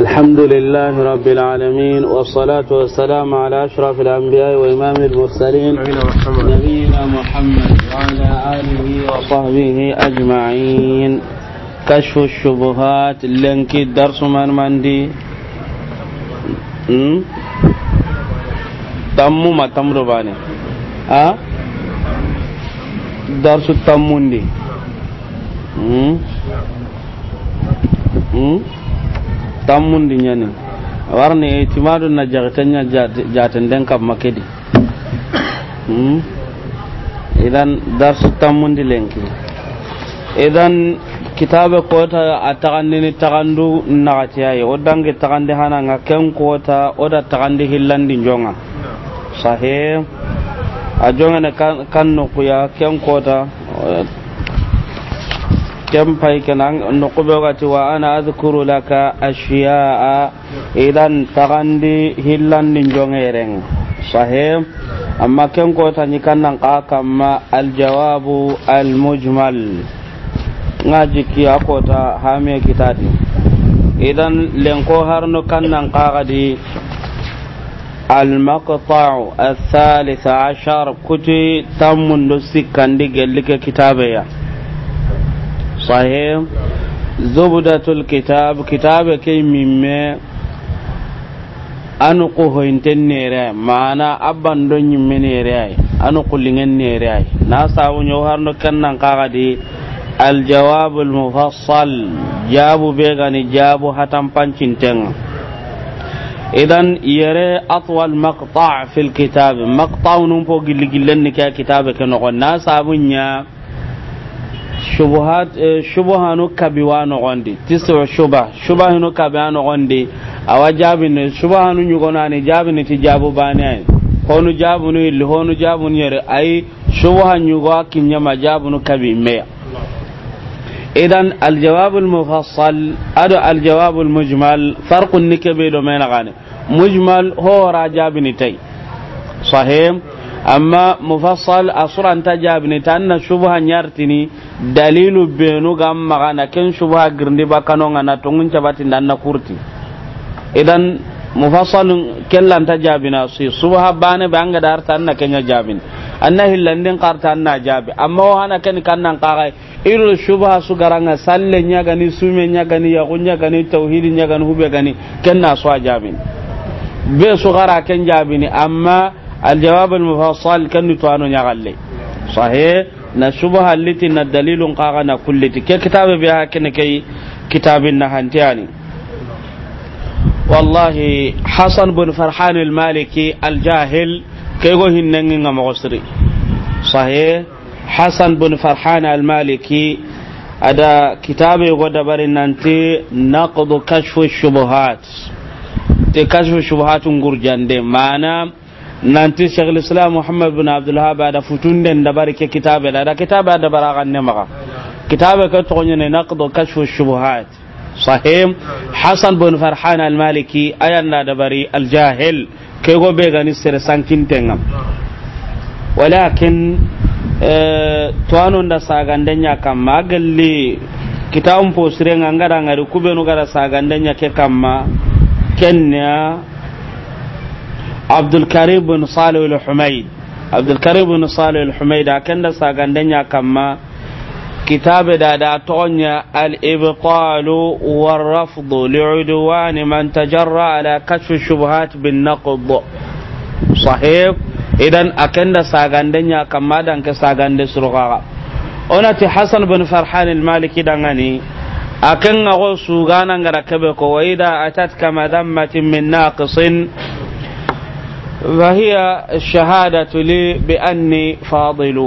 الحمد لله رب العالمين والصلاة والسلام على أشرف الأنبياء وإمام المرسلين نبينا محمد وعلى آله وصحبه أجمعين كشف الشبهات لنكي الدرس من مندي تمو ما تمرو باني ها درس التمون دي tammundi ñani warni timadu na jagitanya jaten den kam makedi hmm? idan darsu tammundi lenki idan kitabe kota a tagandini tagandu nagatiyaye wo dangi tagandi hananga ken kota hillandi sahe a jongene kan ken kota kemfai kenan nukube ga cewa ana azkuru laka a idan tagandi hillan din jongeren sahim amma ken ko kan kannan kakan ma aljawabu almujmal nga jiki kota hamiya kitati idan lenko har no kannan kakadi المقطع الثالث عشر كتي تم منذ السكان دي كتابيه صحيح زبدة الكتاب كتاب كي مما أنو قهوين تنيري معنا أبان دون يمنيري أنو قلنين نيري ناسا ونوهر نكنا قاعدي الجواب المفصل جابو بيغاني جابو هتم بانشين تنغ idan yare atwal maqta' fil kitab maqta' nun قل gilli gillen ni ka kitabe ke shubuhat eh, shubuhanu kabiwa nogondi tisru shuba shubahinu kabiwa nogondi awa jabini shubahanu nyugonani jabini ti jabu bani ay honu jabunu illi honu jabun yere ay shubuha nyugo kinyama jabunu kabi meya idan aljawab almufassal ado aljawab almujmal farqun nike be do mena gane mujmal ho ra jabini tay sahih amma mufassal asuran ta ne ta anna shubha nyartini dalilu benu ga magana kin shubha girndi kanon ana tungun batin dan na kurti idan mufassal kellan ta na su subha bane ba anga dar ta anna kenya jabin anna hillandin qarta anna jabi amma wa hana kan nan qara iru shubha su garanga salle nya gani sume nya gani ya gunya gani tauhid nya gani hubbe gani kenna su jabin be su gara ken jabini amma الجواب المفصل كن توانو نيغالي صحيح na subha liti na dalilun kaga na kulliti kitabin na hantiyani wallahi hasan bin farhan al-maliki al hasan bin farhan al-maliki ada kitabe nanti shaykhul islam muhammad bin abdul ba da den da barke kitabe da da kitabe da baragan ne maka kitabe ka to ne naqdu kashfu shubuhat sahim hasan bin farhan al maliki ayan na da bari al jahil ke go be gani sir sankin tengam walakin eh, to anon da sagandanya kamma galli kitabun posiren ngara gara ngari kubenu gara sagandanya ke kamma kenya abdulkarim bin salih al-humaid abdulkarim bin salih al-humaid akan da sagandanya kamma kitabe da da tonya al-ibtalu war-rafdu li'udwan man tajarra ala kashf shubuhat bin naqd sahib idan akan da sagandanya kamma dan ka sagande surgaga onati hasan bin farhan al-maliki dangani akan ga go sugana ngara kebe ko waida atatka madammatin min naqisin فهي الشهادة لي بأني فاضل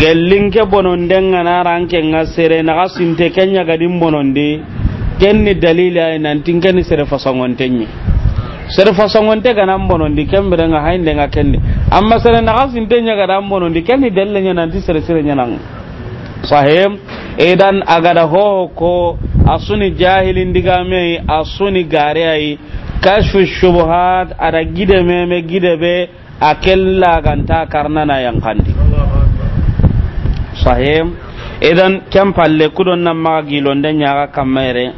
gellin ke bononden ga na ranke nga sere na ga sinte kenya ga din kenni dalila nan kenni sere fasongontenye sere fasongonte ga nan bonondi kembere nga hainde nga kenni amma sere na ga sinte nya ga dan bonondi kenni dalle nya sere sere nya nan sahim idan agada ko asuni jahilin diga asuni gare kashfu shubuhat gida gide meme gide be akella ganta na yang kandi sahim idan kyan falle kudon nan ma gilon dan yaga mere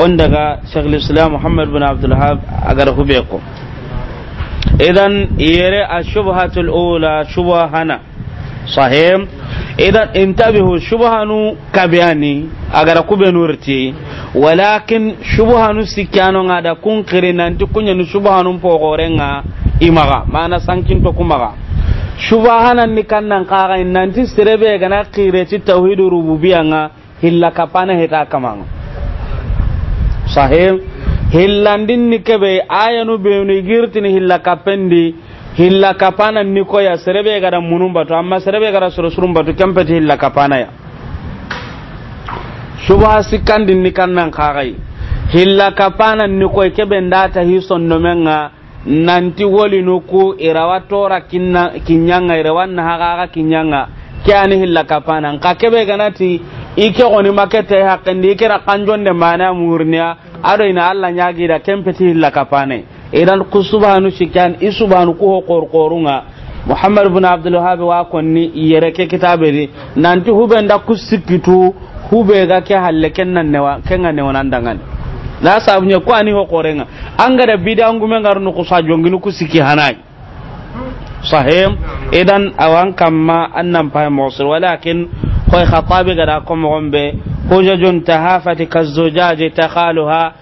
on daga shaykhul islam muhammad bin abdul hab agar hube ko idan yere ashubhatul ula shubahana. sahim idan intabihu shubhanu kabiyani agara kube nurti walakin shubhanu sikyano ngada kun kirinanti kunya ni shubhanu pogorenga imaga mana sankin to kumaga shubhanan ni kannan nan nanti sirebe gana kireti tauhidu rububiyya nga hilla kapana heta kamang sahib hillandin ni kebe ayanu be ni girtini hilla kapendi hilla kapana ni ko ya serebe gara munum batu amma serebe gara surusurum batu kempeti hilla kapana ya subha sikandin ni kannan kagai hilla kapana ni ko kebe ndata hison no menga nanti woli nuku irawa tora kinna kinyanga irawa na haga kinyanga kyani hilla kapana ka kebe ganati ike goni makete hakandi ike ra kanjonde mana murniya ado ina Allah nyagi da kempeti hilla kapane idan ku subhanu shikan isubanu ku qorqorunga muhammad ibn abdul wahhab wa konni yere ke kitabe ni nanti huben da ku sikitu hube ga ke halle kennan ne wa kenga ne wonan dangan la sabunya ko ani ho an anga da bidan gume ngarnu ku sa jonginu ku siki hanai sahem idan awan kamma annan fa musul walakin koy khatabi ga da ko mo gombe hujajon tahafati kazzujaj takhaluha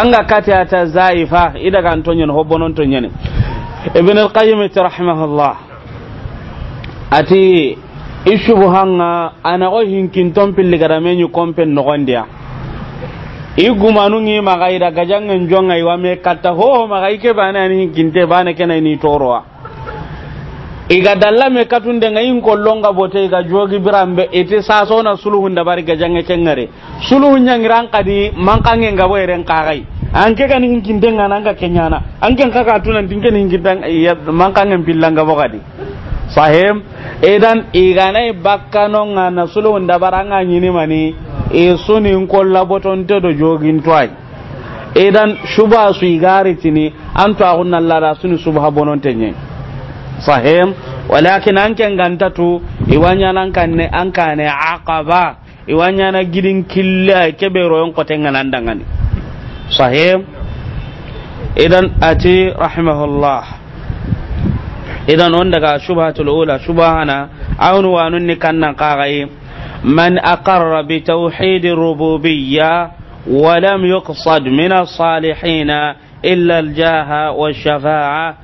anga kata ta zaifa ida kan antonyen hobbonon tonyen ibn al-qayyim rahimahullah ati ishubu hanga ana o hinkin ton pilli gara menyu kompen no gondia igumanu ngi magaida gajangen jonga iwa me kata ho magaike bana ni te bana kenai ni toroa i ga dalla me katundenga in kollonga bote i ga jogi biranbe ite sasona suluhun dabari gajange kengare suluhun ñangiran kadi mankange ngabo eren kaxay anke gani in kindenganaanga keñana anken ka katunandin keni in kinte mankangen pillangabo kadi sahem edan iganai bakkanonga na suluhun dabaranga ñinimani i suni n kolla botonte do jogintoay idan subasu igaritini an to axunnallada suni subha bononte ñeng sahim walakin an ken tu iwanya nan ne an kane aqaba iwanya na gidin killa be royon koten nan dangani sahim idan ati rahimahullah idan on daga shubhatul ula shubahana aunu wanun nun kan nan qarai man aqarra bi tauhid rububiyya wa lam yuqsad min as-salihin illa al-jaha wa shafaa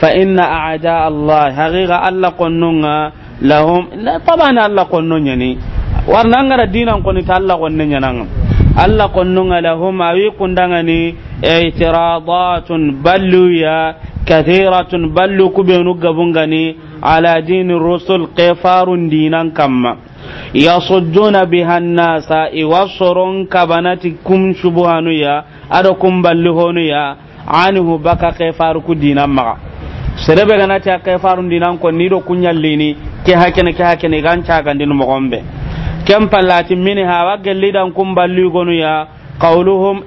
fa inna a'da Allah haqiqa Allah qonnunga lahum la taban Allah qonnonya ni warna ngara dinan qonni ta Allah qonnonya nan Allah qonnunga lahum awi kundanga ni i'tiradatun balluya kathiratun ballu kubenu gabungani ala dini rusul qifarun dinan kamma yasudduna biha an-nasa iwasurun kabanati kum shubuhanu ya ado kum ballu honu ya anhu baka qifar ku dinan maga serebe gana ta kai farun dinan ko ni do lini ke hakene ke hakene gan ta gandin dinu mogombe kem pallati minha wa gelli dan kum balli gonu ya qawluhum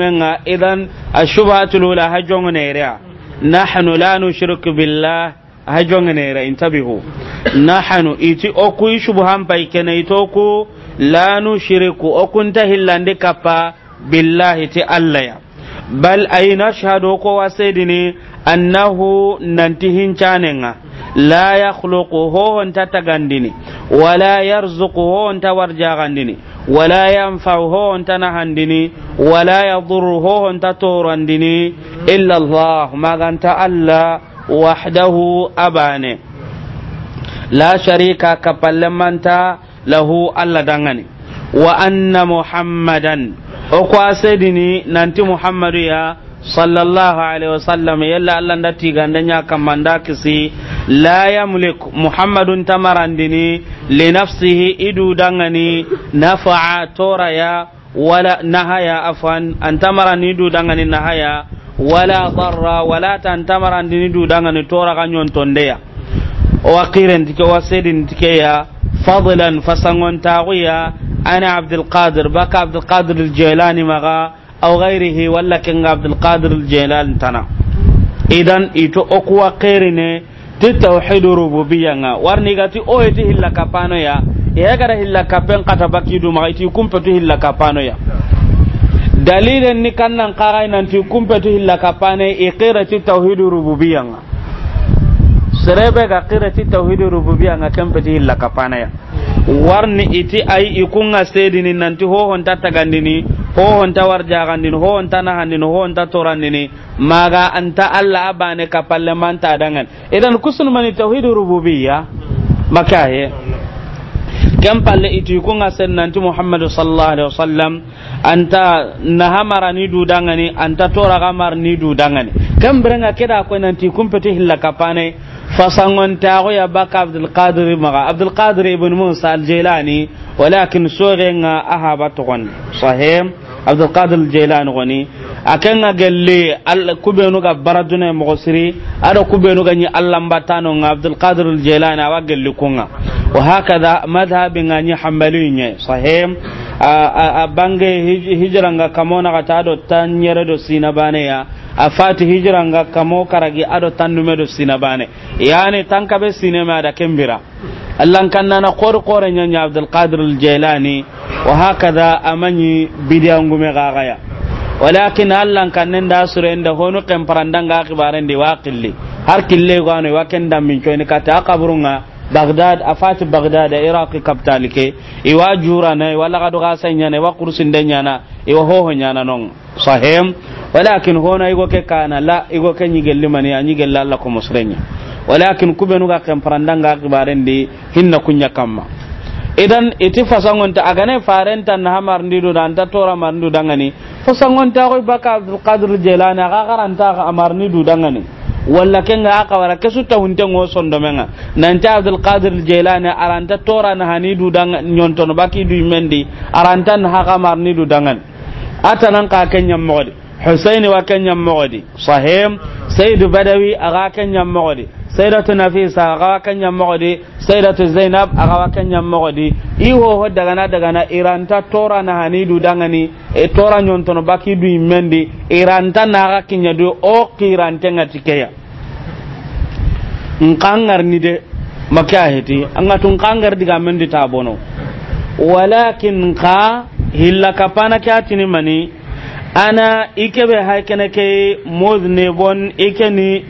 menga idan ashubhatu lula hajong nerea nahnu la nushriku billah hajong nerea intabihu nahnu iti oku shubham pai kene itoku la nushriku okunta hillande kappa billahi ti allah bal ayna shahadu ko wasedini annahu nanti hincanenga la yakhluqu hohon tatagandini tagandini wala yarzuqu hohon tawarjagandini wala yanfa'u hohon tanahandini nahandini wala yadurru hohon tatorandini torandini illa allah maganta allah wahdahu abane la sharika kapallemanta lahu allah dangani wa anna muhammadan o kwasedini nanti muhammadu ya sallallahu alaihi wasallam yalla allah da tigandanya kamanda kisi la yamlik muhammadun tamarandini li nafsihi idu dangani nafa'a toraya wala nahaya afan antamarani idu dangani nahaya wala darra wala tantamarandini idu dangani tora kanyon tondeya wa qirentike wa ya fadlan fasangon fasangontaxuya ana qadir baka abdul qadir al aljailani maga aw ghairihi walla ken abdul qadir al tana idan ita okuwa qirine ti tauhid rububiyya nga warni gati o eti hilla kapano ya ya gara hilla kapen kata bakidu ma iti kumpetu hilla karai nan ti kumpetu hilla iqira ti tauhid rububiyya nga serebe qira ti tauhid rububiyya nga kempeti hilla warni itti ay ikunga sedini nanti ho honta tagandini ho honta warjagandini ho honta nahandini ho honta torandini maga anta alla abane kapalle manta dangan idan kusun mani tauhid rububiyya makaye kam palle itti ikunga sen nanti muhammadu sallallahu alaihi wasallam anta nahamara ni dudangani anta toragamar ni dangani kam berenga keda ko nanti kumpeti hilla kapane fasangon tago ya baka abdul qadir maga abdul qadir ibn musa al jilani walakin sorenga ahaba to gon sahim abdul qadir al jilani goni akenga gelle al kubenu baraduna mo siri ado kubenu ga allah batano nga abdul qadir al jilani awa gelle kunga wa hakada madhhabi nga ni hambalinya sahim a bange hijranga kamona ga ta do tanyere do sina baneya afati nga kamo karagi ado tannume do sina bane yani tanka be sinema da kembira allan kannana qor qore nyanya abdul qadir al jailani wa hakada amani ga gagaya walakin allan kannen da da hono kemparandanga di waqilli har kille gano waken kenda min coyni kata akaburunga bagdad afati bagdad iraqi kaptalike iwa jurana wala lagadu gasanya ne wa kursin denya na iwa hoho nyana non sahem walakin hono igo ke kana la igo ke nyigelli mani a nyigelli ko musrenya walakin kan kibaren di hinna kunya kamma idan iti fasangonta agane farenta na hamar ndido da anta tora mar dangani fasangonta ko baka abdul qadir jelani aga garanta amar ndido dangani walla aka wara kesu ta hunte ngo sondo menga abdul qadir jelani aranta tora na hanidu dang baki du mendi aranta na ka kenya Hussaini wa kan nyam mogodi sahim sayyid badawi aga kan nyam mogodi sayyidatu nafisa aga kan nyam mogodi sayyidatu zainab aga kan nyam mogodi iho ho daga na daga na iranta tora na hanidu dangani e tora nyonton baki du imendi iranta na aga kinya du o kirante ngatikeya nkangar ni de makahiti anga tun kangar diga mendi tabono walakin ka hilla kapana kyatini mani ana ike be haikana ke mozne bon ike ni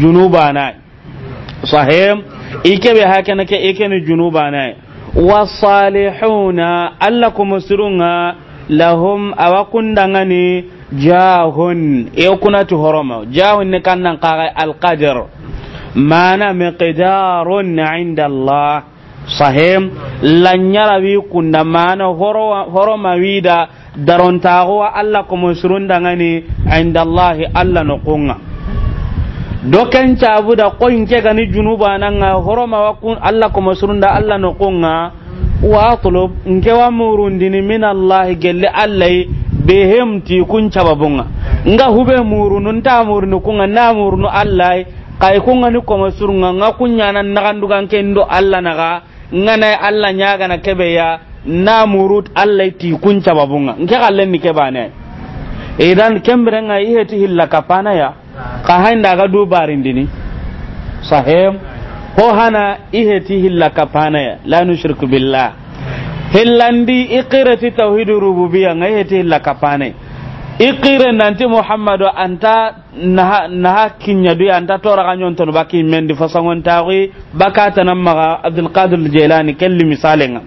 junuba na sahim ike be haikana ke ike ni junuba na wasalihuna alla kuma surunga lahum awakundangani jahun e kuna tu horoma jahun ne kannan qaga alqadr mana miqdarun inda allah sahim lanyara kunda mana horoma wida daron darontaxowa allah ngani inda allah noqunga do ken cabuda koyinke gani junubananga horomawa allah komosirunda allah noqunga waatlub nke wa murun dini min Allah gelle allahi behemti kun cababunga nga hube murunu nta murunu kunga na murun allahi kai kunga ni ko musrun nga kunyana nagandugan kendo allah naga ngana Allah nyaga na kebe ya na murut Allah ti kun cababunga nke kallen ni kebane idan kembere nga ihe ti hilla kapana ya ka hainda ga dubarin dini sahem ko hana ihe ti hilla kapana ya la nushriku billah hillandi iqirati tauhidur rububiyya nga ihe ti hilla kapana ikire nanti muhammadu anta na naha kinya du anta tora ga nyon baki mendi fasangon tawi bakata nan ma abdul qadir jilani kelli misalenga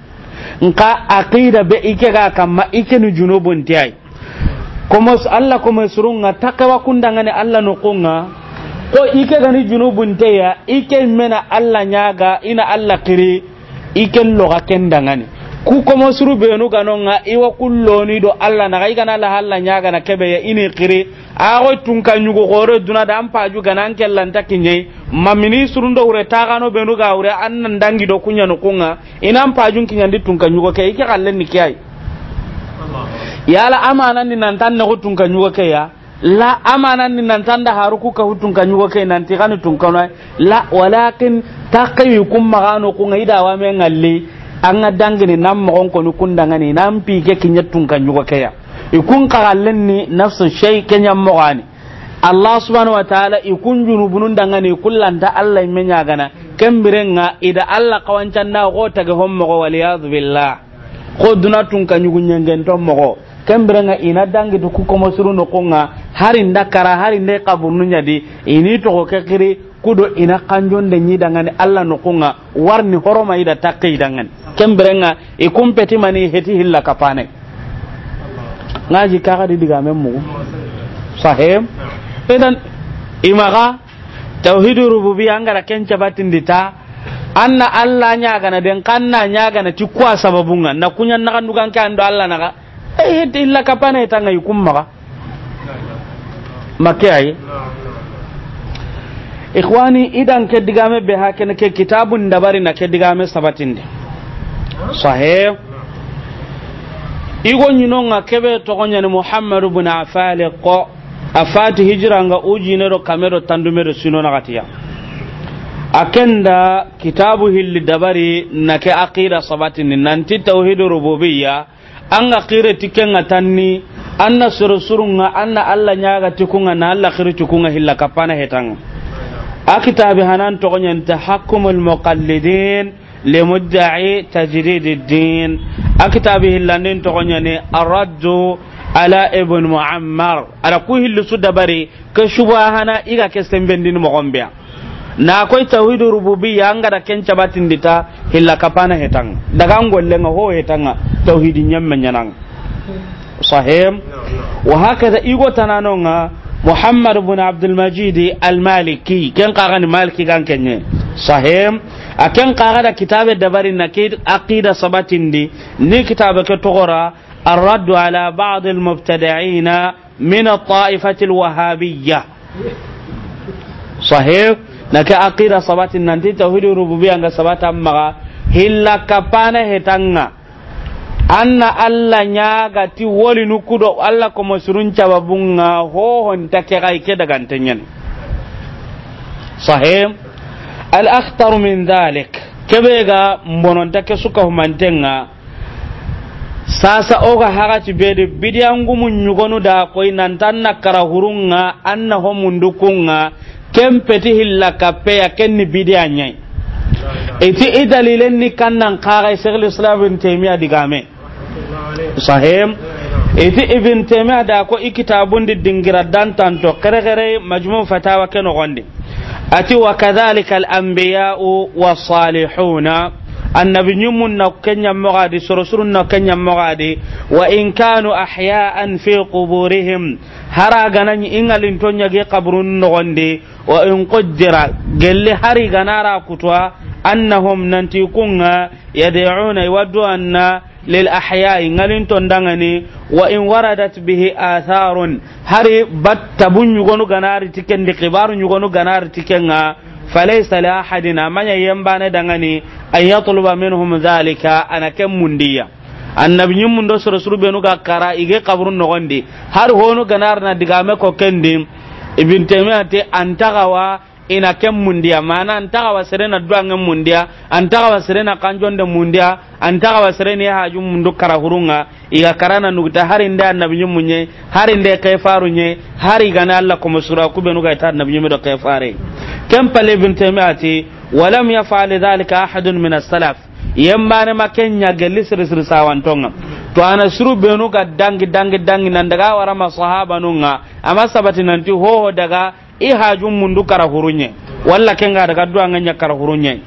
nka aqida be ike ga kamma ike nu junubun tiyai kuma Allah kuma surunga takawa kundanga ne Allah no kunga ko ike gani junubun tiya ike mena Allah nyaga ina Allah kiri ike loga kendanga ne ku komo suru benu gano nga iwa kulloni do Allah na gaigana la halla nyaga na kebe ya ini qiri ago tunka nyugo gore duna da ampa ju gana anke lanta kinye ma ministru ndo ure tagano benu ga ure annan dangi do kunya no kunga ina ampa ju kinya ndi ka nyugo ke ike kalle ni kiyai yala amana ni nan tan na tunka nyugo ke ya la amana ni nan tan da haru ku ka tunka nyugo ke nan ti ka tunka la walakin taqiyu kum magano kunga idawa men ngalle an ga dangane nan magon konu kun dangane nan fi ke tun kan yugo kaya ikun kagallen ni nafsun shay kenya mogani allah subhanahu wa ta'ala ikun junubunun dangane kullanta allah menya gana kambiren nga ida allah kawancan na go tage hommo go waliyadu billah ko duna tun kan yugo nyangen to kembirenga ina dangi to kukomo suru da kara hari ndakara hari ya ini toko kekiri kudo ina kanjon da de nyidangani alla nukunga warni horoma ida takke idangani kemberenga e kumpeti mani heti hilla kapane ngaji kaga di diga memu sahem idan imaga tauhidu rububiyya angara kenca batin dita anna alla nya gana den kanna nya gana ti kwa sababunga na kunyan na kandukan ke ando alla naga eh heti hilla kapane tanga yukumma makai ikhwani idan keddigame be ha kene ke kitabu dabari na keddigame sabatinde sahe igo nyino nga kebe togo nyani muhammad ibn afale ko afati hijra nga uji nero kamero tandumero sino na gatiya akenda kitabu hilli dabari na ke aqida sabatinde nanti tauhid rububiyya an aqira tikenga tanni anna surusurunga anna alla nyaga tikunga na alla khiru tikunga hilla kapana hetanga akitabi hanan togonyen tahakkumul muqallidin limudda'i tajdid ad-din akitabi hillandin togonyane araddu ala ibn muammar ala ku hillu sudabari ke shubahana iga ke sembendin mogombea na koy tawhid rububiyya anga da kenca batin dita hilla kapana hetang daga ngolle ho hetanga tauhidin nyamma nyanang sahem wa hakaza igo tananonga محمد بن عبد المجيد المالكي كان قاغن مالكي كان كنيه صحيح أكن قاغن كتاب الدبر النكيد عقيدة سبتين دي ني كتاب كتغرى الرد على بعض المبتدعين من الطائفة الوهابية صحيح نك aqida sabatin nan ti tauhidur rububiyya ga sabata maga hilla تنغا anna alla ñagati woli nukkuɗo allah komo surun cababunga hohonta kexay ke daganteñen sahe al akhtaru min dhalik keɓega mbononta ke suka humantenga sasa oga hagati bede bidiyangumu ñugonu da koy nantan na kara hurunga an ho mundukunga ken peti hilla kappeya ken bidiya ñayi iti i dalilen ni kannan kaxay cheikh lislam ibn taimia digame sahim iti ibn taymiyah da ko ikitabun di dingira dan tanto kare kare majmu fatawa kano gondi ati wa kadhalika al anbiya'u salihuna annabi ñummun na na wa in kanu ahyaan fi quburihim hara ingalin i ge qabrun qaburun wa in quddira gelli hari ganara kutwa annahum nanti kunga yad'una iwaddu anna lil ahya'i ngalin ton dangani wa in waradat bihi atharun hari battabun yugonu ganari tiken di kibarun yugonu ganari tiken nga falaysa li ahadin amanya yambane dangani an minhum zalika ana kem mundiya annabi nyum mundo sura suru benu ga kara ige kaburun nogondi har honu ganar na digame ko kendi ibn taymiyyah te antagawa ina ken mundiya mana antaka wasirena duangen mundiya antaka wasirena kanjonde mundiya antaka wasirena haju mundu karahurunga iga karana nuguta hari nda annabinyu munye hari nda kaifaru nye hari gana alla kuma sura kubenu ga ta annabinyu mi do kayfare kam pale ibn taymiyyati walam yaf'al dhalika ahadun min as-salaf yemma ne makenya gelis risir sawantonga to ana suru benu dangi dangi dangi nan daga wara masahaba nunga amma sabati nanti hoho daga i hajun mundu kara hurunye walla kenga daga duwa nganya kara hurunye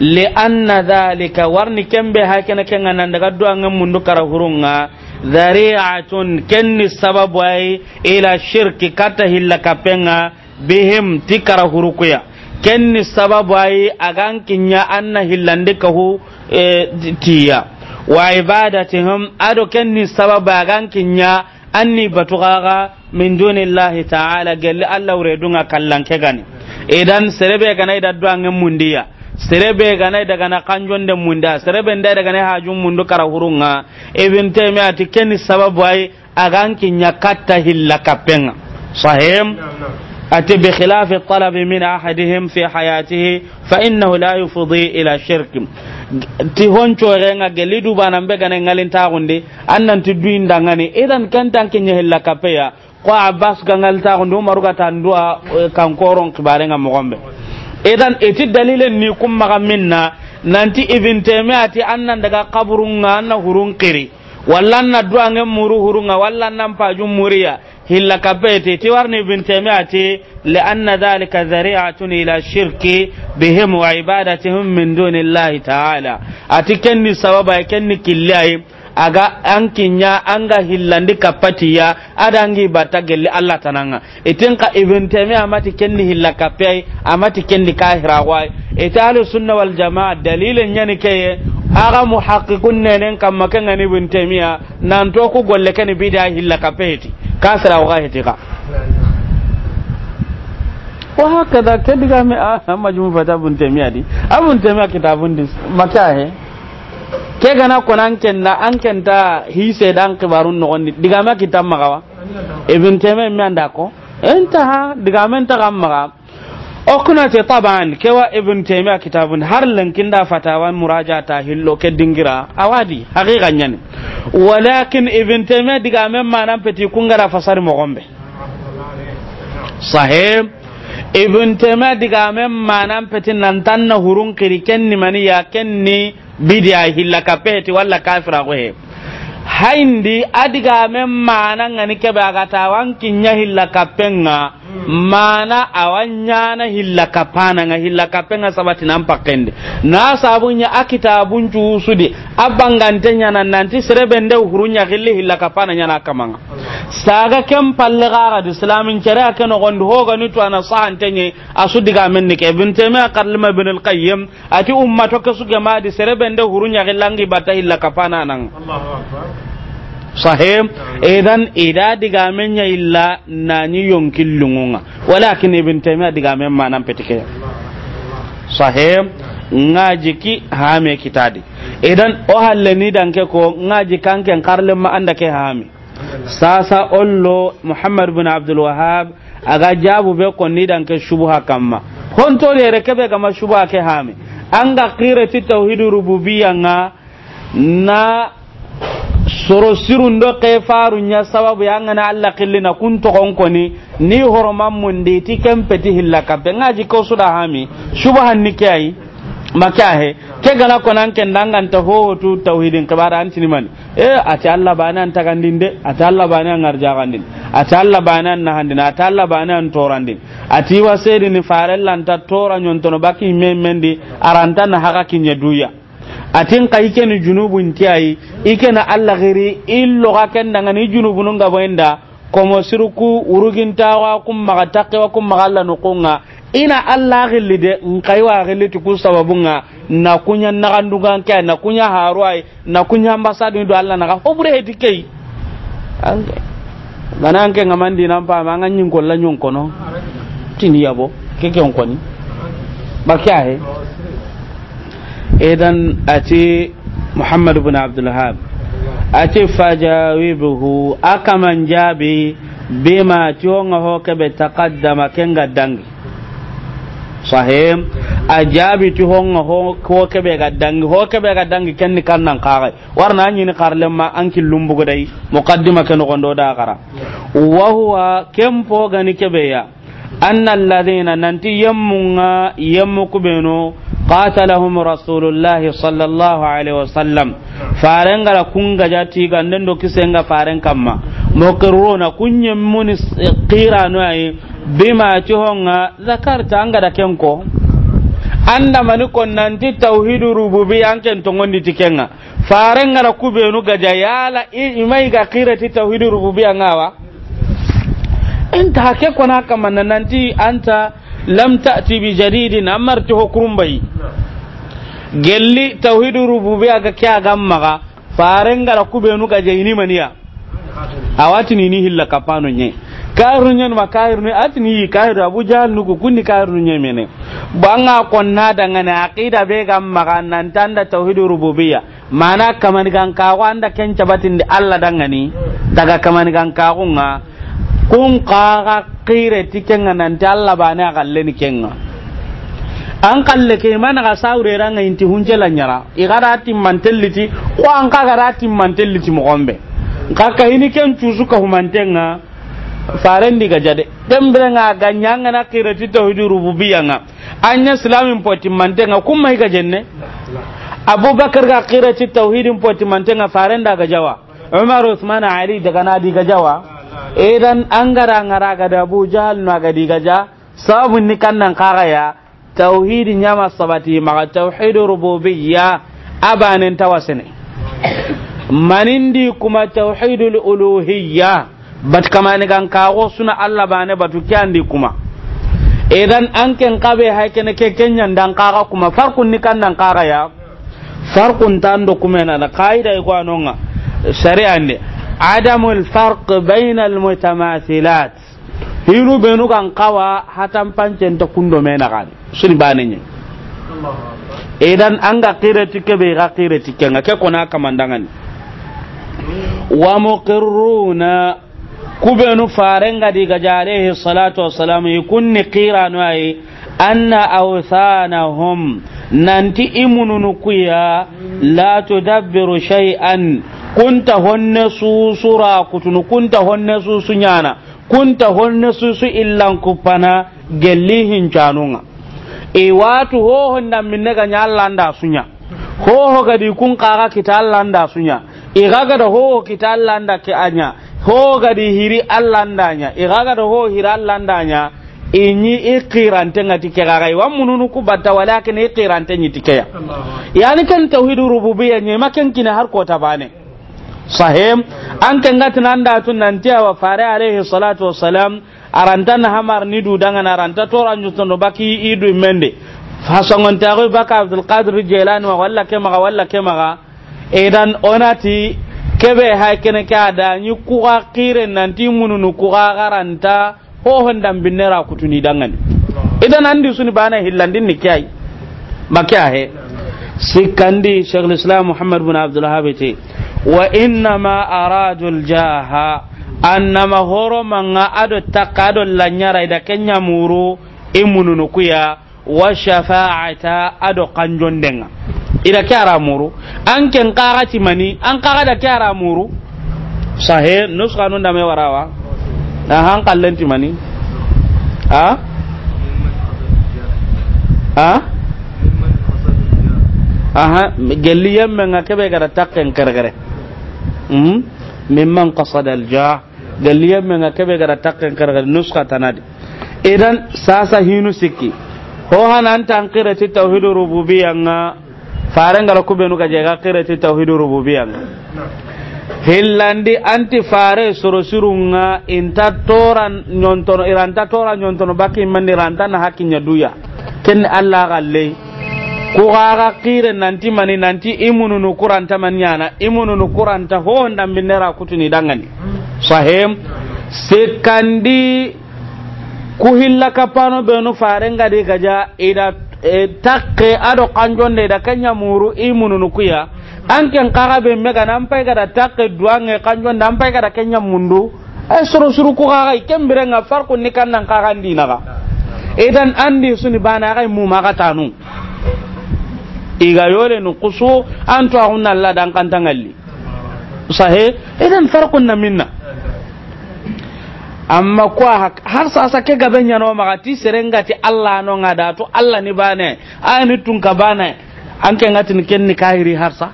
li anna dhalika warni kembe hakena kenga nan daga duwa ngan mundu kara hurunga dhari'atun kenni sababu ay ila shirki kata hilla kapenga bihim tikara hurukuya kenni sababu ay agan kinya anna hillande kahu e, tiya wa ibadatihim ado kenni sababu agan kinya anni batugaga min duni dunillahi ta'ala gelli Allah wure dunga kallan ke gani idan serebe gana ida do mundiya serebe gana ida gana kanjon de munda serebe nda daga na hajun mundu kara hurunga ibn taymiya ti kenni sababu ay aganki nyakata hilla kapenga ati bi khilafi talabi min ahadihim fi hayatihi fa innahu la yufdi ila shirk ti honcho renga geli bana mbe ngalin ta gunde annan ti duinda ngani idan kan tan hilla ko abbas gangal ta ko umar ga tan dua eh, kan koron kibare ngam gombe idan iti dalilen ni kum maga minna nanti ibn ati annan daga qabrunga na hurun qiri wallan na dua ngam muru hurunga wallan nan pajum muriya hilla kabete ti warni ibn ati li anna dhalika zari'atun ila shirki bihim wa ibadatihim min dunillahi ta'ala kenni sababa kenni killai aga an kinya anga hillandi kapatiya adangi bata gelli Allah tananga itin ka ibn taymiya amati kenni hilla kapai amati kenni kahira wai itali sunna wal jamaa dalilin nyani keye aga muhaqqiqun nenen kamma kan ngani ibn taymiya nan to ku golle kan bid'a hilla kapeti kasra wa hitika wa hakada kedi kadiga me ah, a majmu fata ibn taymiya di abun taymiya kitabun dis makahe ke gana kona an kenda an kenta hise dan kibarun no gondi diga ma kitam gawa ibn teme mi anda ko enta diga men ta ma o kuna ce taban kewa ibn a kitabun har lankin da fatawan muraja ta hillo ke dingira awadi haqiqan nyane. walakin ibn teme diga men manan peti kungara fasar mo gombe sahib ibn teme diga men manan peti nan tan na hurun kiri kenni mani ya kenni bidiya hilla kapeti wala kafira ko haindi adiga men mana ngani kebe agata wan kinya hilla kapenga mana na hilla kapana nga hilla kapenga sabati nan pakende na sabunya akita bunju sudi abangante nyana nanti serebende hurunya gilli hilla kapana nyana kamanga saga kem palle ga islamin islamin kere no gondo hoga ni to ana sahantenye asudi ga men ne kebin teme akarlima bin al qayyim ati ummato kesuge madi serebende hurunya ngi bata hilla kapana nan Allahu akbar sahim idan ida diga men ya illa na ni yonkin lungunga walakin ibn taymiya diga men ma nan petike sahim nga jiki hame kitadi idan o halle ni danke ko nga jikan ken karle ma anda ke hame sasa ollo muhammad ibn abdul wahhab aga jabu be ko ni danke shubha kamma honto le rekebe kama shubha ke hame anga qirati tauhidur rububiyya nga na soro sirun do faru nya sababu ya ngana alla qillina kun to konkoni ni horoman mun de ti kempeti hilla kabe ngaji ko suda hami subhan ni kai maka he ke gana konan ken dangan ta ho tu tauhidin kabara an tiniman e ati alla bana an tagandin de ati alla bana an arja gandin ati alla bana an nahandin ati alla bana an torandin ati sedi ni farellan ta tora nyontono baki mendi aranta na haka kinya duya atin ka ike ni junubun tiyayi ike na Allah giri illo ka kenda ngani junubun nga boyenda komo sirku urugin tawa kum maga takwa kum maga Allah nukunga ina Allah gilli de nkai wa gilli tuku sababunga na kunya nagandugan kya na kunya haruai na kunya ambasadu do Allah naga hobure hetikei anke mana anke ngamandi nampa manga nyingolla nyonkono tini yabo keke onkoni bakya he idan ati muhammad ibn abdul ati fajawibuhu akaman jabi bima tionga ho kebe taqaddama kenga dangi sahim jaabi ti honga ho kebe ga dangi hoo kebe ga dangi kenni ni kannan kare warna anyi ni karle ma an killum bugo dai muqaddima ken gondo da kara wa kem po gani kebe ya anna alladhina nanti yammunga yammu kubeeno. qatalahum rasulullahi sallallahu alaihi wasallam faran gara kun gaja tiga nan do kisenga faran kamma muqirruna kunyem mun qira no ay bima tihonga zakarta anga da kenko anda mani konnanti tauhidu rububi anken tongondi tikenga faran gara kubenu gaja yala imai ga qira ti tauhidu rububi angawa enta ke kona kamma nanti anta lam ta'ti bi jadidin amarti hokrum bai gelli tauhid rububiyya ga kya gammaga faren gara kubenu ga jeyini maniya awati ni ni hilla kapano nye kairu nye ma kairu ne atini yi kairu abu jahal nuku kunni kairu nye mene banga konna daga aqida be nan tanda tauhid rububiyya mana kamani gan kawo anda kenca batin da Allah dangani daga kamani gan kawo kun kaga kire tikenga nan ta Allah ba ne galle ni kenga an kalle ke mana ga saure ran ga inti hunje i igara tin mantelliti ko an kaga ratin mantelliti mo gombe kaka hini ken tusu ka humantenga faren diga jade tembre nga ganyanga na kire ti tauhidi rububiyanga anya islamin poti mantenga kuma higa jenne abubakar ga kire ti tauhidin poti mantenga faren daga jawa umar usman ali daga na diga jawa idan an gara ngara ga da abu jahal na ga diga ja sabun ni kannan kara ya tauhidin ya masabati maka tauhidur rububiyya abanin tawasine manindi kuma tauhidul uluhiyya bat kama ni kan kawo suna Allah bane batu kyandi kuma idan an ken kabe haike ne ke kenyan dan kara kuma farkun ni kannan kara ya farkun tan dokumena da kaida ko anonga shari'a ne adamul farq bainal mutamasilat hinu benu kan kawa hatan pancen ta kundo mena kan sun banin idan an ga kire tike bai ga kire tike nga ke kona kamandangan wa muqirruna kubenu farenga diga jarehi salatu wassalamu yikunni qiranu ay anna awthanahum nanti imununu kuya latu tudabbiru shay'an kunta honne su sura kutunu kunta honne su su nyana kunta honne su su illan kupana gelihin hincanunga e watu ho honna minne ga nyalla nda sunya ho ho ga di kun kaga kita Allah sunya e gaga da ho ho kita Allah ke anya ho ga di hiri Allah nda nya e gaga da ho hiri Allah nda nya inyi e ikirante e ngati kegara e wa mununu ku batta walakin ikirante nyitikeya yani kan tauhidur rububiyya nyema kan kina har ko tabane sahim an kan ga tunan da tun nan tiya wa fare alaihi salatu wassalam aranta na hamar ni du dangan aranta toran jutun do baki idu mende fa songon ta go baka abdul qadir jilani wa walla kema ga walla kema ga idan onati kebe ha kene ka da ni ku akire nan ti mununu ku garanta ho hondan binnera kutuni dangan idan andi suni bana hillandin ni kai makya he sikandi shaykhul islam muhammad bin abdul habiti wa innama aradul jaha annama horo manga ado takka ado lanyara ida kenya muru imununu kuya wa shafa'ata ado kanjondenga ida kyara muru an ken mani an kaga da kyara muru sahe nuska na mani ha ha aha Hmm? mimman qasada alja galliye menga kebe gara takkan kar nuska tanadi idan sasa hinu sikki ho hanan tan ti tauhid rububiyya nga faran gara kube nuka je ga jega ti tauhid rububiyya nga hillandi anti fare suru suru nga inta toran nyontono iranta toran nyontono baki man iranta na hakinya duya ken alla galle ku gaga kire nanti mani nanti imunu nu kuranta man yana imunu nu kuranta ho ndam binera kutuni dangani sahem sekandi ku hilla kapano benu farenga gaja ida e, takke ado kanjonde muru kuya anken mega gada takke kanjonde gada mundu e, suru ku idan andi suni bana kai mu magatanu iga yole nu kusu anto ahunna alla dan kantangalli sahe idan farqun na minna amma ko har sasa ke gaben yano magati serengati Allah no ngada to Allah ni bane ni tun ka bane an ke ngati ni kenni kahiri harsa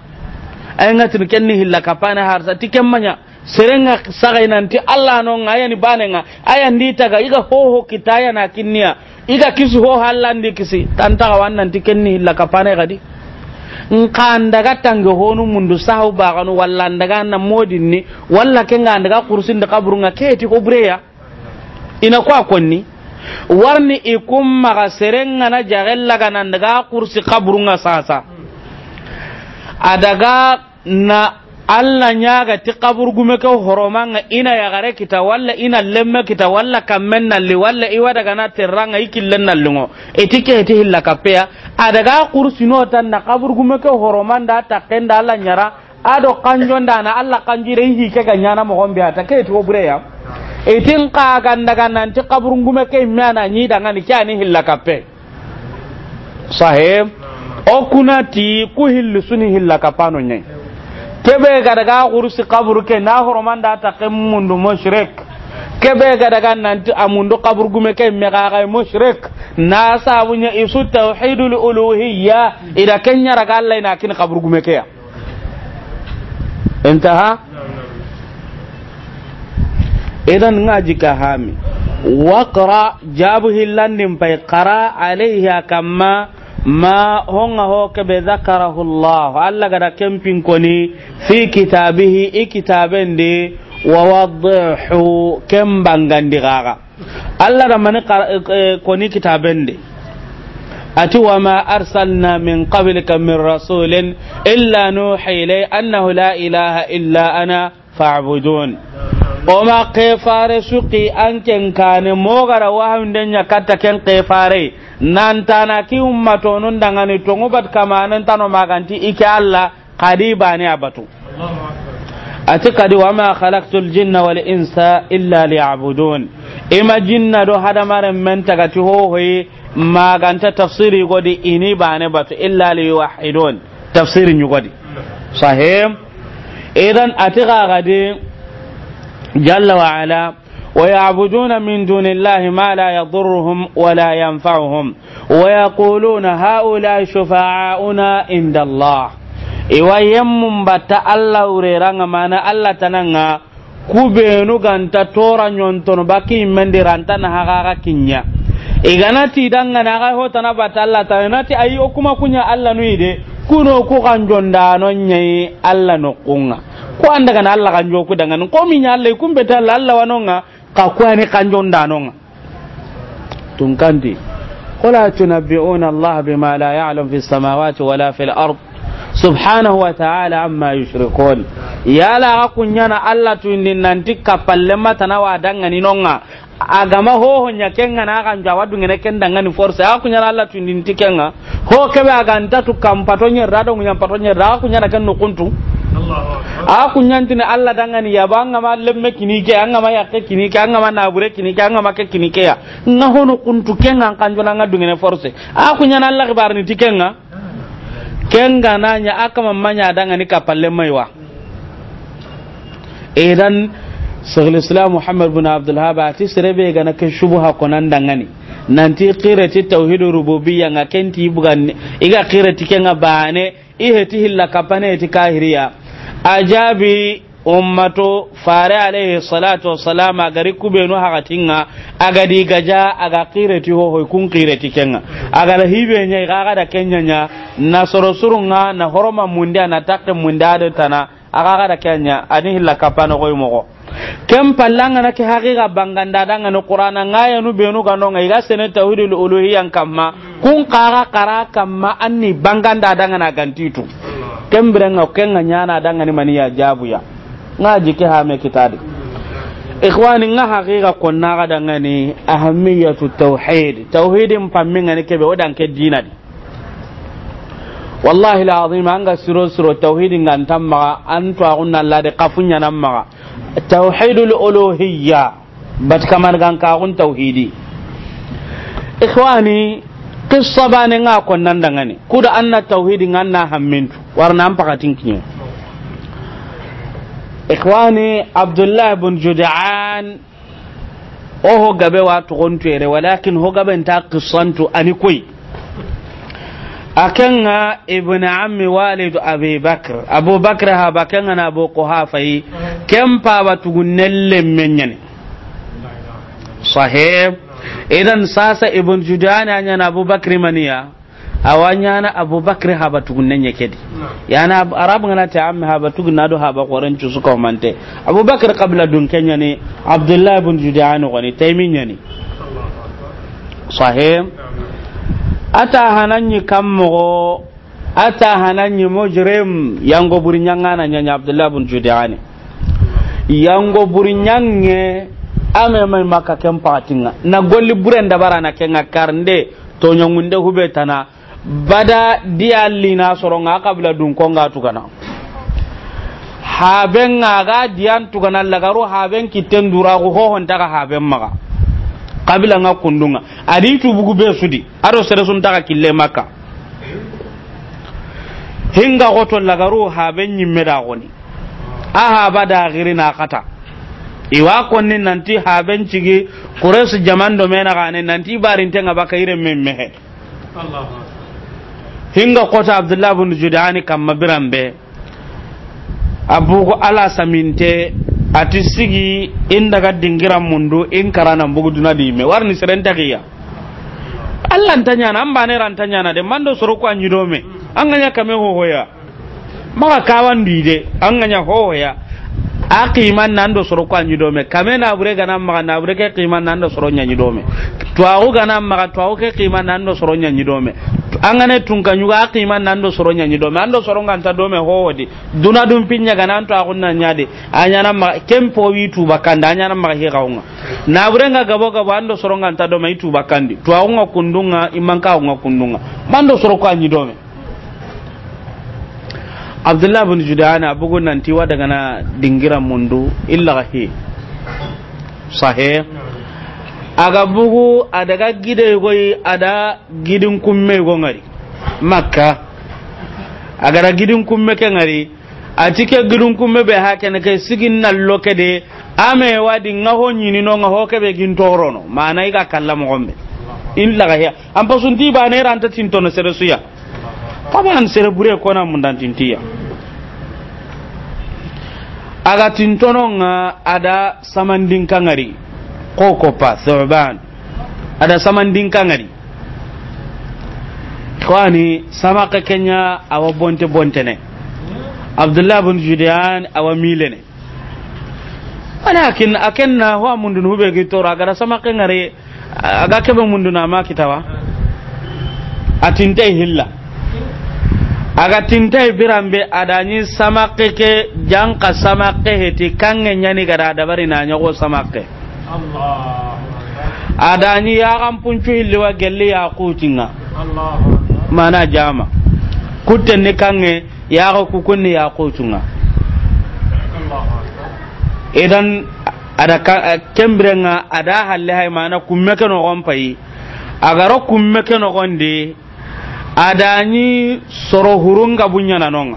ay ngatin ken ni hilla ka bane harsa ti ken manya serenga saga ti Allah no ngaya ni bane nga aya ta ga iga ho ho kitaya na kinniya iga kisu ho ndi kisi tanta wannan ti ken ni hilla ka bane gadi nka ndaga tange honu mundu sahu baganu walla ndaga na modin ni walla ke kenga ndaga kursin da kaburunga keti ko breya ina kwa konni warni ikum maga serenga na jagella kana ndaga kursi kaburunga sasa adaga na alla ga ti kabur gume ka nga ina ya gare kita walla ina lemme kita walla kammen nalli walla iwa daga na terranga lenna lungo etike eti hilla kapea adaga kursino tan na kabur gume ka ta kenda alla nyara ado kanjon Allah kanji kanjire hi ke ga nyana mo gombe ata ke to bure ya etin ka ga daga nan ti kabur gume ke mana nyi daga ni kyani hilla kape sahib o kunati ku hillu suni hilla kapano nyai kebe ga daga kursi kabur ke na horoman da ta kan mundu mushrik kebe ga daga nan a mundu kabur gume ke me ga ga mushrik na sabunya isu tauhidul uluhiyya ida ya raga Allah ina kin kabur gume ke ya intaha idan nga jika hami waqra jabu lannim nim pai qara alaiha kamma ma honga ho kebe zakarahu Allah Allah gada kempin fi kitabihi i kitaben de wa wadahu kem bangandi gaga Allah da mani eh, eh, koni kitaben de ati wa ma arsalna min qablika min rasulin illa nuhi ilay annahu la ilaha illa ana fa'budun oma kefare suqi anken kane mogara wahawinde ñakatta ken kefare nantana ki ummatonun dangani tongubat kamanen tano maganti ike allah kadi bane a batu ati kadi wama khalaktu ljinna wal insa illa liyabudun ima jinna do hadamaren men tagati hohoyi maganta tafsiri godi ini baani batu illa liyuwahidun tafsiri ñugodi sahim idan ati kagadi جل وعلا ويعبدون من دون الله ما لا يضرهم ولا ينفعهم iwa yemmun batta allah wureranga allah tananga kubenu ganta tora nyontono rantana hagaga iganati dangana aga hotana batta allah tananati ayi okuma kunya allah nuide kuno ku kan ko anda kana Allah kan joku nan ko ya Allah kum beta Allah wanonga ka ku ani kan jonda nonga tun kandi qala tunabbi'una Allah bima la ya'lam fi samawati wala fil ard subhanahu wa ta'ala amma yushrikun ya la kunyana Allah tunin nanti palle mata na ni nonga agama hoho nya kenga na kan jawa dungene kenda ngani force akunya Allah din tikenga ho kebe aganta tu kampatonye rado nya patonye ra kunya na kan nukuntu a ah, kunyantini allah dangani yaba an gama lemme kinike an gama yakke kinike an naabure nabure kinike an gama ke kinike ya nga hono kuntu kenga an kanjona nga dungene force a ah, kunyana allah kibarni ti kenga kenga nanya akama manya dangani kapalle maiwa idan shaykhul islam muhammad bin abdul haba ati serebe gana ke shubha konan dangani nanti qirati tauhid rububiyya nga kenti bugan iga qirati kenga bane iheti hilla kapane ti kahiriya ajabi ummato fare alaihi salatu wassalam agari kubenu hakatinga aga digaja aga qireti ho ho kun qireti kenga aga hibe nyai gaga da kenya nya na soro surunga na horoma munda na takte munda da tana aga ga da kenya ani hilla kapano koy moko kem pallanga na ke haqiqa banganda danga no qur'ana ngaya nu benu gano ngai ga sene tauhidul uluhiyyan kamma kun qara qara kamma anni banganda danga na gantitu kembirenga kenga nyana ya jabu jabuya nga jike hame kitadi ikhwani nga haqiqa danga tauhidi ahamiyatu tauhid tauhidin ni kebe dina dinadi wallahi alazim anga siro siro tauhidin nga tamma antu agunna allah de kafunya namma tauhidul uluhiyya bat kamar gan ka gun tauhidi ikhwani qissa ne nga kon nan da ngani da anna tauhidi nganna hammintu warna am pakatin kinyo ikhwani abdullah ibn jud'an oho gabe wa tugon tere walakin ho gabe ta qissantu ani koi ga ibn ammi walid abi bakr abu bakr ha ga na abu quhafa kem pa ba tugun nelle sahib idan sasa ibn judana nya na abubakar maniya awanya na abubakar haba tugunnen yake di na arabu ngana ta amma haba na do ba qoran cu su komante abubakar qabla dun kenya ne abdullah ibn judana wani taimin ne sahih ata hananyi kammo ata yi mujrim yango burinyanga na nyanya abdullah ibn judana yango burinyange ame mai maka ken patinga na golli buren da bara na ken karnde to nyongunde hube tana bada dia na soronga kabla dun konga tukana haben ga dian tukana lagaru haben kiten dura go ho honta ga haben maka. kabila nga kundunga adi tu bugu be sudi aro sere sun daga kille maka hinga goto lagaru haben nyimeda da goni aha bada girina kata iwa konni nanti haben cigi kures jaman do mena gane nanti barinte nga baka ire men mehe hinga kota abdullah bin judani mabirambe abu ko ala saminte ati sigi inda daga dingiran mundu in karana bugu duna me warni seren takiya Allah tanya na amba ne tanya na de mando suru ko anyido me an kame ho hoya maka kawan dide an ho hoya a kiman nan do soro kwa me kame na bure gana maga na bure ke kiman nan do soro nya nyidome to awu gana maga to awu ke kiman nan do soro an nyidome angane tunka nyuga a kiman nan do soro nya nyidome ando soro do me hoodi duna dun pinya gana anto a kunna nyade anyana ma kempo wi tu bakanda anyana ma hi gaunga na bure nga gabo gabo ando soro do dome itu bakandi to awu ngakundunga imanka ngakundunga mando soro kwa me. abdullah bin judana bugun nan tiwa daga na dingiran mundu illa he sahe aga bugu a daga gida goyi da gidin kumme gongari makka a agara gidin kumme ke ngari a cike gidin kumme be hake ne kai sigin nan loke de ame wadi ngaho nyini no ngaho ke be gin torono mana iga kallam gombe illa he an pasunti ba ne ranta tintono sere suya taban sere bure kona mundantintiya aga nga ada samandin kangari koko pa thoban ada samandin kangari kwani sama ka kenya awa bonte bonte ne abdullah bin judean awa mile ne walakin na huwa mundun hube gitora agada sama ka aga kebe mundun ama kitawa atintai hilla aga tintai birambe adani samake ke janka samake heti kange nyani gara dabari na nyago Allah adani ya kan punchu wa gelle ya kutinga mana jama kutte ni kange ya ga kukunni ya kutunga idan ada kembrenga ada halle hay mana kumme ke no gon payi agaro kumme ke no gon de adani soro hurunga bunyana nonga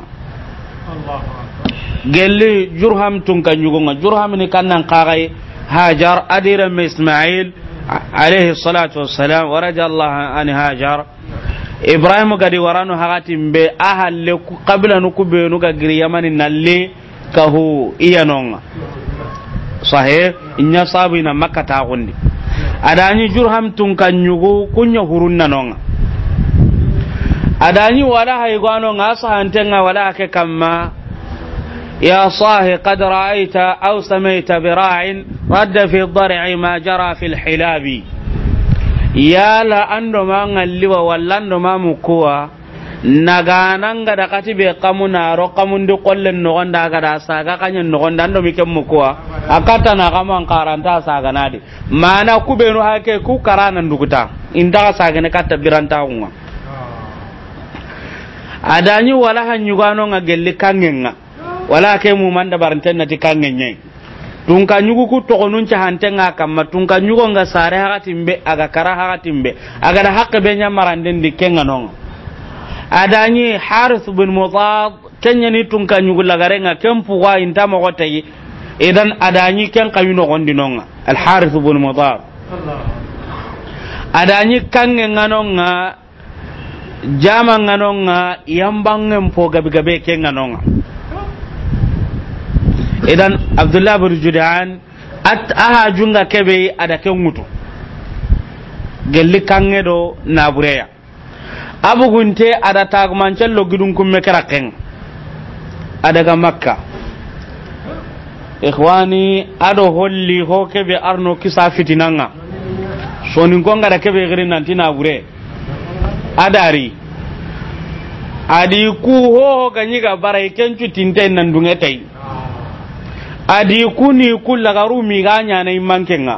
gelli jurham tun kan yugonga jurham ni kannan qagai hajar adira ismail alayhi salatu wassalam wa raja allah an hajar ibrahim gadi warano hagati mbe ahalle qabla nu kubenu ga giri yamani nalle kahu iya iyanonga sahih inya sabu ina makka ta gundi adani jurham tun kan yugo kunya hurunna nonga adani wala hay gwano nga sahante wala ake kama ya sahi qad ra'aita aw samaita bi ra'in radda fi dhari'i ma jara fi al-hilabi ya la ando ma ngalli wa wallando ma mukuwa nagananga da kati be kamu na ro kamu ndu kollen no gonda ga da saga kanyen no gonda ndo mikem mukuwa akata na kama karanta saga nadi mana kubenu hake ku karana ndukuta indaga saga ne katabiranta ngwa adani wala han yugano nga gelli kangenga wala ke mu manda baranten na tikangenye tun ka nyugu ku to gonun ca hanten nga kamma tun ka nyugo nga sare hakatin be aga kara hakatin be aga da hakke be den di kenga non adani harith bin mutad kenya ni tun nyugu lagare nga kempu wa inta mo gotayi idan adani ken kayuno gondi non al harith bin mutad adani kangenga non nga jama nganonga yambangen po gabi gabe ke nganonga idan abdullah bin judan at aha junga kebe ada ke ngutu gelli kange do na bureya abu gunte ada tagman cello gidun kumme karaken ada ga makka ikhwani ado holli ho kebe arno kisa fitinanga sonin gonga da kebe girin nan tina bure adari adi ku hoho ganyi ga bara ken cutinte nan dunga tai adi ku ni ku lagaru mi ga nyana imankenga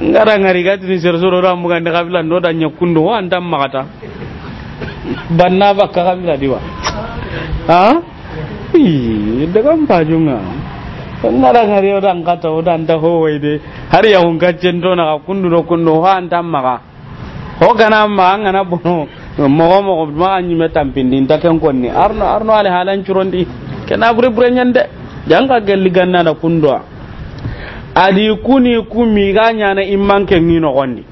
angara ngari ga tin sersoro ram ga nda kabila ndo da nyakundo wa ndam makata banna ba ka kabila diwa ha i daga mpajunga ngara ngari odan kata odan ta ho waide har ya hunga cento na kundu no kundu wa ndam makata ho gana ma an gana bono mo mogo ma an yime tampindi nta ken konni arno arno ale halan curondi kena bure bure nyande janga gelli ganna na kundo adi kuni kumi ganya na imman ken no konni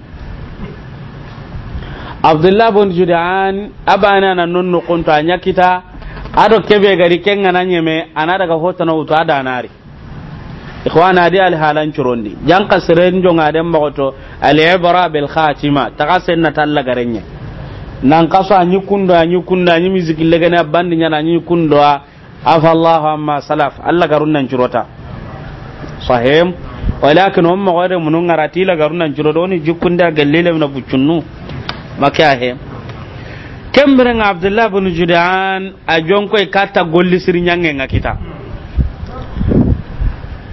abdullah bin judan abana na nonno konto anya kita ado kebe gari ken ngana nyeme anada ga hotana uta danari ikhwana di al halan curondi jang kasren jonga den magoto al ibra bil khatima tagasen na talla garenye nan kaso anyi kundo anyi kundo anyi miziki legene bandi nyana anyi kundo afa allah amma salaf alla garun nan curota sahim walakin umma gore munun ngarati la garun nan curodo ni jukunda gallele na bucunnu makahe ng abdullah bin judan ajonko jonko kata golli sirnyange nga kita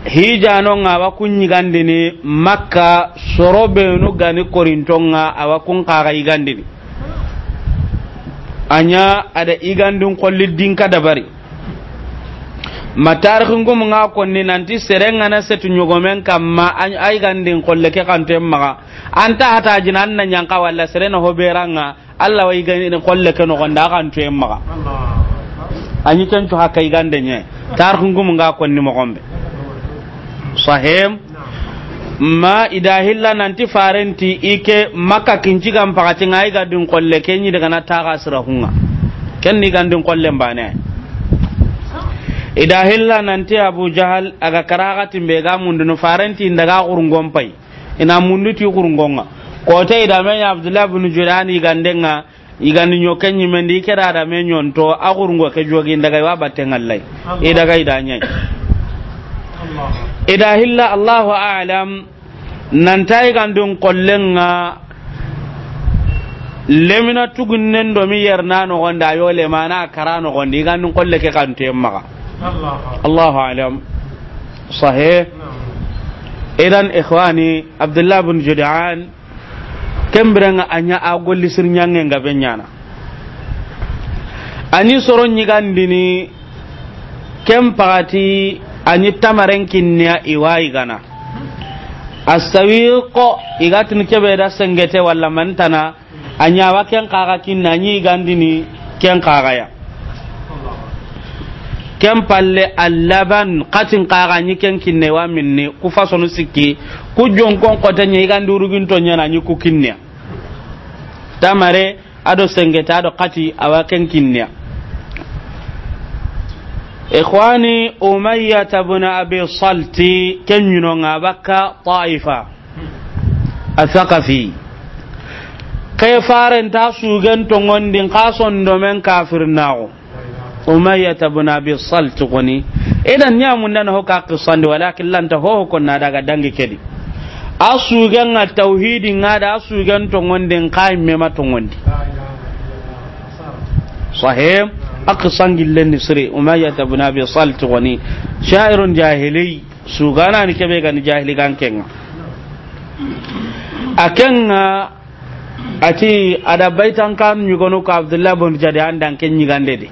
hijano nga wa gandini makka soro benu gani korintonga awa kun kaga igandini anya ada igandin kolli dinka dabari matarikin kuma nga konni nanti serenga na setu nyogomen kamma ay gandin kolle ke kanto maga anta hata jinan nan yanka walla serena hoberanga alla wa igandin kolle ke no gonda kanto maga anyi kencu hakai gandenye tarikin gumu nga konni mo gombe sahim ma idahilla nanti farenti ike maka kinci gan pakati ngai ga dun kolle kenyi daga na taga sirahunga ken ni gan dun kolle mbane idahilla nanti abu jahal aga karagati timbe ga mundu no farenti daga gurungon pai ina mundu ti urungonga ko te ida me abdullah ibn jurani gandenga igani nyoke mendi ikera da me nyonto agurungo ke jogi daga wa batengallai idaga idanyai ida hilla allahu alam nantai gandun kollenga lemina tugunnen domi yerna nogonde ayo lemana kara nogonde igandun kolle ke kanten maga allahu alam sahih idan ikhwani abdullah bin judan kembirenga anya a golli sir nyange nga ani soro nyigandini kem pagati anyi tamaren kinniya iwayi gana asawiqo igatin kebe da sengete walla mantana anya wa ken kaga kinna ni gandini ken kaga ya ken palle allaban qatin kaga ni ken kinne wa minni ku fasonu sikki ku jonkon kota nyi gandu urugin to nyana ni ku kinnya tamare ado sengete ado qati awa ken kinnya ikhwani umayya ibn abi salti kenyuno ngabaka taifa athaqafi kai faren ta sugen to ngondin kason domen kafir nawo umayya ibn abi salti koni idan nya mun nan hoka qisandi walakin lan ta ho kon na daga dangi kedi asugen a tauhidi ngada asugen to ngondin kai mema to ngondi sahih aqsan gillen nisri umayya ibn abi salt wani sha'irun jahili sugana ni kebe ga ni jahili gan kenga akenga ati ada baitan kan nyugono ka abdullah bin jadi andan ken nyigande de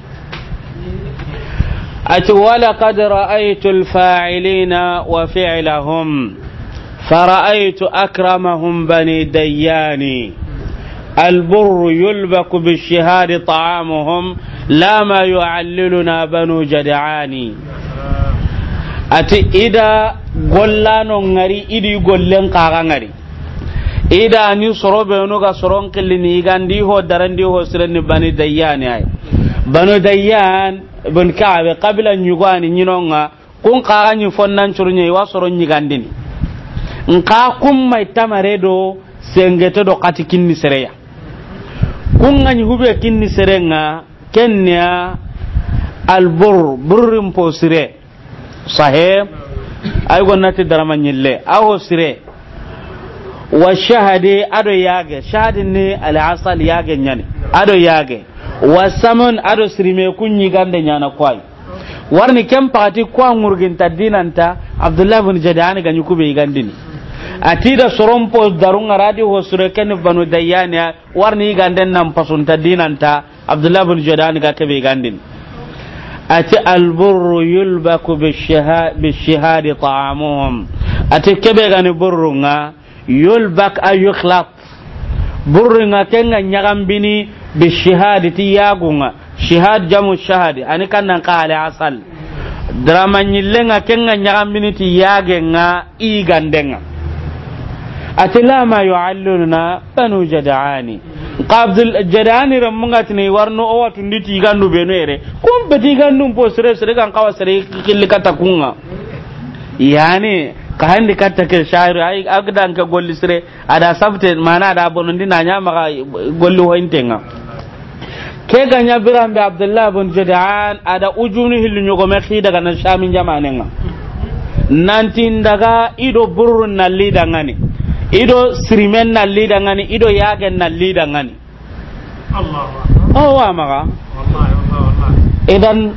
ati walaqad ra'aytu al-fa'ilina wa fi'lahum فرأيت أكرمهم بني ديان البر يلبك بالشهاد طعامهم la ma yu'alliluna banu jad'ani ati ida gollano ngari idi gollen kaga ngari ida ni soro be no ga soron kilini gandi ho darandi ho sirani bani dayyani ay banu dayyan bin ka'be qabla nyugani kun kaga nyi fonnan churnye wa soron nyigandini nka kun mai tamare do sengete do kati kinni sereya kun ganyi hube kinni serenga kenya albur burrin po sire sahe ay gonnati darama nyille aho sire wa shahade ado yage shahade ne al asal yage nyane ado yage wa samun ado sirime kunyi gande nyana kwai warni kem pati kwa ngurgin tadinanta abdullah ibn jadani ganyu kube gandini atida da soron po darunga radio ho sure ken banu dayani warni gande nan pasunta dinanta abdullahi bin jordan ga kebe gandin ati alburru yulbaku shahadi ta'amuhum ati kebe gani burru nga yulbak ayukhlaq burrunga kenga bi shahadi ti yagunga shahad jamu shahadi ani kannan qale asal drama nga kenga bini ti yage nga yagenga a ati lama yu'alluna banu jada'ani qabdul jadani ramunga tini warno o watu nditi gandu beno ere kum beti gandu po sere sere kan kawa sere killi kata kunga yani ka handi kata ke shairu ay agdan ka golli sere ada sabte mana ada bonu ndina nya maka golli intenga ke ganya birambe abdullah bin jadan ada ujuni hillu nyogo me khida kana shamin jamanenga nanti ndaga ido burun nalida ngani. ido sirimen lida ngani ido yagen Allah Allah Allah maga idan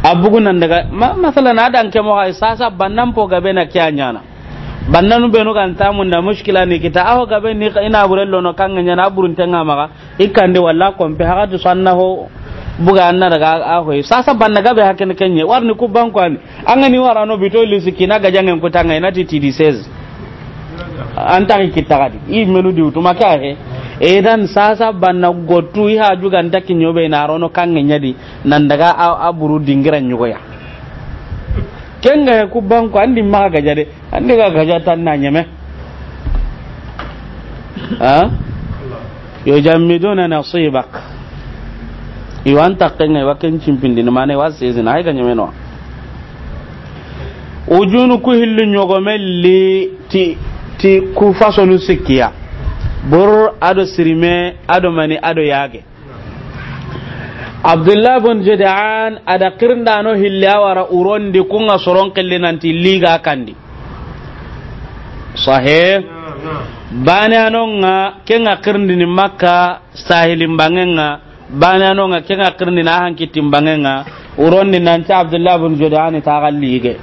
abugunan daga masalan adan kemo hay sasa bannan po gabe na kya nyana nu benu kan ta mun da mushkila ne kita aho gabe ni ina burello lono kan nya na burun tanga maka de walla kompe haga sanna ho buga anna daga aho sasa banna gabe hakin kenye warni ku banko an angani warano bitoli sikina ga jangen ku tanga ina ti di says ki kita di i menu di utuma kare edan sasa banna gotu iha juga ndaki nyobe na rono kan nya di nan daga aburu dingiran ya. kenga ku banko andi ma gaja de andi ga gaja tan na nyame ha yujammiduna nasibak iwan takkenga waken cimpindini mana wa sesina hay ga nyame no ujunu ku hillu li ti ti ku fasonu sikia bor ado sirime ado mani ado yage abdullah bin jada'an ada kirinda no hilya wara uron di kunga soron kille nanti liga kandi sahih bane anonga kenga kirndi ni makka sahilim bangenga bane anonga kenga kirndi na hankitim bangenga uron ni nanti abdullahi bin jada'an ta gallige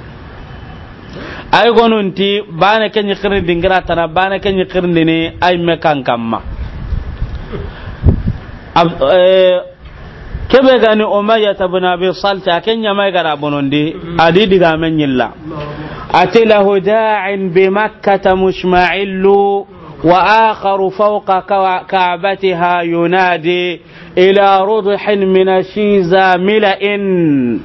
ay gonunti bane kenyi kirndi ngira tana bane kenyi kirndi ni ay mekan kamma kebe gani umayya ta buna bi salta kenya mai garabonnde adi ati la hudain bi makka ta mushma'illu wa akharu fawqa ka'batiha yunadi ila rudhin min ashiza mila in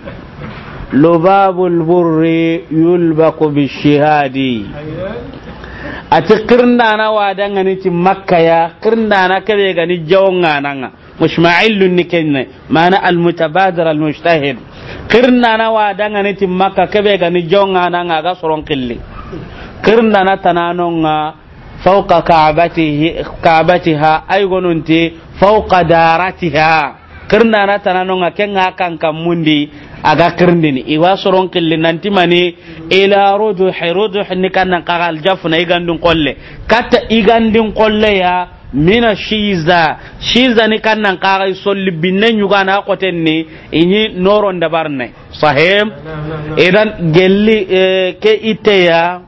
lubabul burri yulbaqu bi shihadi ati qirnana wadanga ni makka ya qirnana kebe gani jawnga nanga mushma'ilun ni kenna mana al mutabadir al mujtahid kirna na wa danga ne tim makka kebe ga ni jonga na nga ga soron kille kirna na tananon nga fawqa ka'batihi ka'batiha ay gonunti fawqa daratiha kirna na tananon nga kenga kan mundi aga kirndini iwa soron kille nanti mani ila rujuhi rujuhi ni kan nan igandun kolle kata igandun kolle mina shiza shiza ni kannan kagai solli binne nyuga na koten inyi noron da sahem idan gelli eh, ke iteya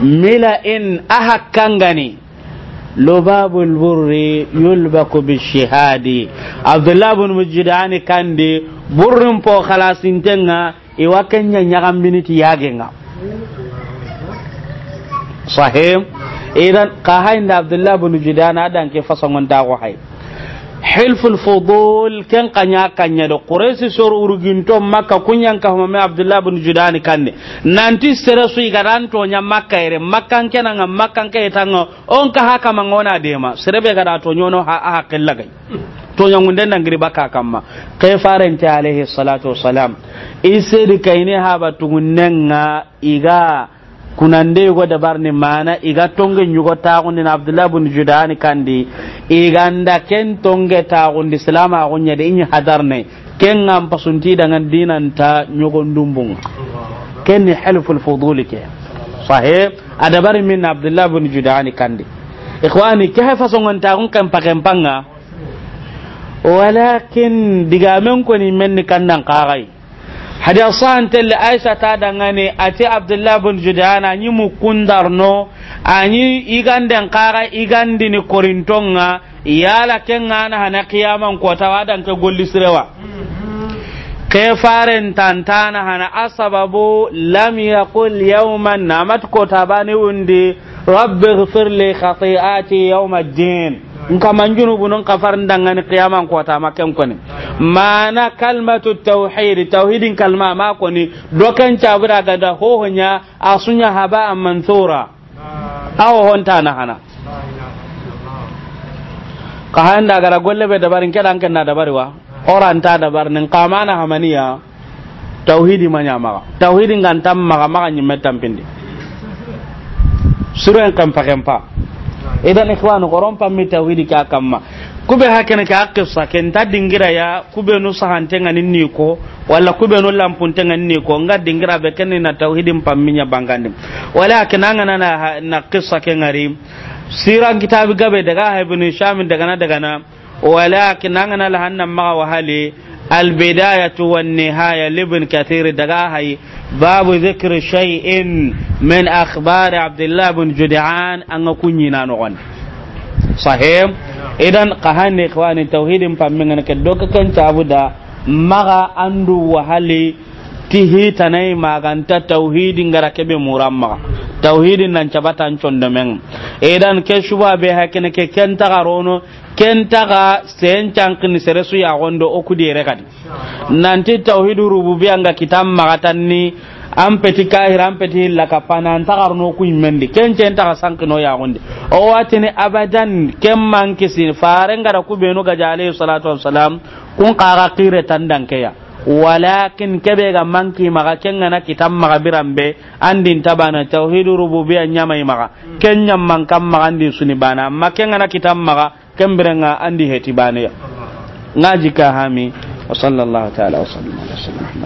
mila in aha kangani لباب البر يلبك بالشهاد عبد الله بن مجدان كان دي بر خلاص انتنا idan ka hain da abdullah bin judana dan ke fasangon da ko hay hilful fudul ken kanya kanya da quraysi sor urginto makka kunyan ka hama abdullah bin judani kanne nanti sere su igaranto nya makka ere makkan kenan makkan ke tango on ka haka mangona ma sere be gara to nyono ha ha kallagai to nya den nan griba baka kamma kai faran ta alaihi salatu wassalam ise de kaine ha batunnenga iga kunande yugo ni mana iga tonge nyugo tagundi na abdullah bin judani kandi iganda ken tonge tagundi salama agunya de inyi hadarne ken ngam pasunti dengan dinan ta nyugo ndumbung ken ni halful fuduli ke sahib adabari min abdullah bin judani kandi ikhwani ke hafa songon taagun kan pakempanga walakin digamen ko ni men kandang hadi asahantelle aisha ta dangane ati abdullah bin mu anyi mukundarno anyi iganden kara ni korintonga yala kengana hana kiyaman kota ke golli sirewa ke faren tantana hana asababu lam yaqul yawman namat kota bani wundi rabbi khati'ati yawmad din nka manjunu bunun kafar ndangani qiyaman kota maken koni mana kalmatu tauhid tauhidin kalma ma koni doken cabira gada hohonya asunya haba mansura awo honta na hana ka handa gara golle be dabarin kedan kenna dabari wa oran ta dabar nin kamana hamaniya tauhidi manya maga tauhidin gantam maga maga suru tampindi suren kam pakempa idan ikhwanu goron pammi tawhidi ka kamma kube hakene ka akisa ken ta dingira ya kube nu sahante ngani ni ko wala kube nu lampunte ngani ni ko nga dingira be ken na tawhidin pamminya bangandim wala kenanga na na qissa ken ngari sira kitab gabe daga ibn sham daga na daga na wala kenanga na lahanna ma wa hali al bidayatu wan nihaya libn kathir daga hay باب ذكر شيء من أخبار عبد الله بن جدعان أن كنينا نغن صحيح اذا قهاني إخواني توحيد فمن أنك دوك كنت أبدا مغا أندو وهلي Tihi tanai maganta tauhidin gara kebe muramma tauhidin nan cabatan condomen idan ke shuba be hakene ke kenta garono kenta ga sen cankini sere su ya gondo o kudere kadi nanti tauhidu rububiya nga kitam magatanni an peti kahir an peti la kapana an tagar no ku imendi ken cen taga ya gondi o ni abadan ken man kisi faren gara ku beno ga jale salatu wassalam kun qara qire tandan keya walakin kebe ga manki maga kenga na kitam maga birambe andin tabana tauhidu rububiyya nyamai maga kenya mankam maga andin suni bana amma kenga na kitam maga kembirenga andi heti bana ya ngaji ka hami wa sallallahu ta'ala wa sallam